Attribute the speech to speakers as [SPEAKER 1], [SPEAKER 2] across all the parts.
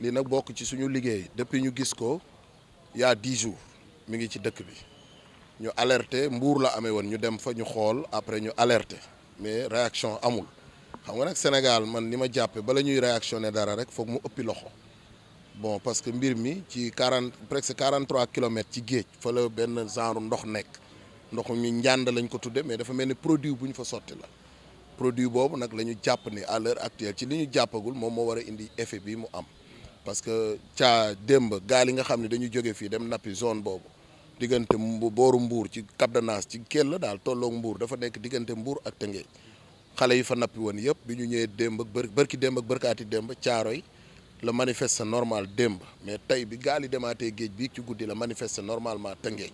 [SPEAKER 1] lii nag bokk ci suñu liggéey depuis ñu gis ko il y dix jours mi ngi ci dëkk bi ñu alerte mbuur la amee woon ñu dem fa ñu xool après ñu alerte mais réaction amul xam nga nag Sénégal man ni ma jàppe bala ñuy réactionner dara rek foog mu ëppi loxo bon parce que mbir mi ci quarante presque quarante trois ci géej fa la benn genre ndox nekk ndox mi njànd lañ ko tudde mais dafa mel ni produit bu ñu fa sotti la produit boobu nag la ñu jàpp ni à l'heure actuelle ci li ñu jàppagul moom moo war a indi effet bi mu am parce que caa démb gaal yi nga xam ne dañu jóge fii dem nappi zone boobu diggante booru mbuur ci Cap ci Kell la daal tollook mbuur dafa nekk diggante mbuur ak Tëngéej xale yi fa nappi woon yëpp bi ñu ñëwee démb ak bër bërki démb ak bërkaati démb caaroy la manifeste normal démb mais tey bi gaal yi demaatee géej bii ci guddi la manifeste normalement Tëngéej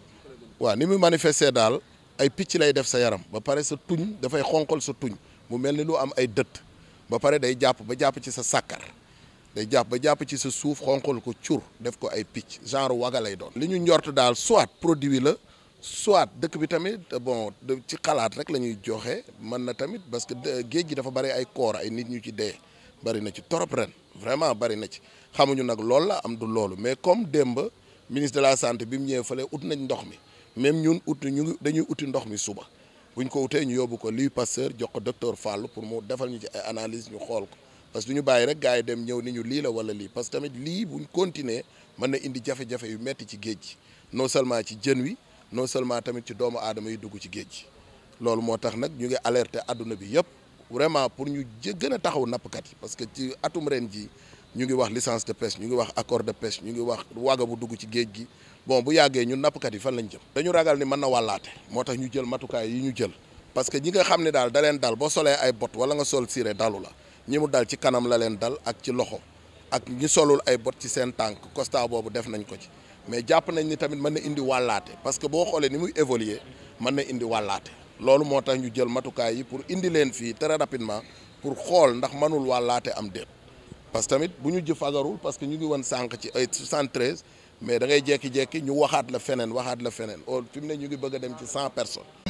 [SPEAKER 1] waaw ni muy manifester daal ay picc lay def sa yaram ba pare sa tuñ dafay xonqal sa tuñ mu mel ni lu am ay dëtt ba pare day jàpp ba jàpp ci sa sàkkar day jàpp ba jàpp ci sa suuf xonqal ko cur def ko ay picc genre waga lay doon li ñu njort daal soit produit la soit dëkk bi tamit bon ci xalaat rek la ñuy joxe mën na tamit parce que euh, géej gi dafa bari ay koor ay nit ñu ci dee bari na ci trop ren vraiment bari na ci xamuñu nag loolu la am du loolu mais comme démb ministre de la santé bi mu ñëwee fële ut nañ ndox mi même ñun ut ñu dañuy uti ndox mi suba bu buñ ko utee ñu yóbbu ko lii Pasteur jox ko docteur Fall pour mu defal ñu ci ay analyse ñu xool ko parce que du ñu bàyyi rek gars yi dem ñëw ni ñu lii la wala lii parce que tamit lii buñ continuer mën na indi jafe-jafe yu metti ci géej gi non seulement ci jën wi non seulement tamit ci doomu aadama yi dugg ci géej gi loolu moo tax nag ñu ngi alerter àdduna bi yëpp vraiment pour ñu gën a taxaw nappkat yi parce que ci atum ren ji ñu ngi wax licence de ñu ngi wax accord de pêche ñu ngi wax waga bu dugg géej gi bon bu yàggee ñu nappkat yi fan lañu jëm dañu ragal ni mën na wàllaate moo tax ñu jël matukaay yi ñu jël parce que ñi nga xam ne daal da leen dal boo solee ay bot wala nga sol siré dalu la ñi mu dal ci kanam la leen dal ak ci loxo ak ñi solul ay bot ci seen tànk constat boobu def nañ ko ci mais jàpp nañ ni tamit mën na indi wàllaate parce que boo xoolee ni muy évoluer mën na indi wàllaate loolu moo tax ñu jël matukaay yi pour indi leen fii très rapidement pour xool ndax mënul wàllaate am déet parce que tamit bu ñu jëf fagarul parce que ñu ngi woon sànq ci ay 73 mais da ngay jekki-jekki ñu waxaat la feneen waxaat la feneen au fi mu ne ñu ngi bëgg dem ci 100 personnes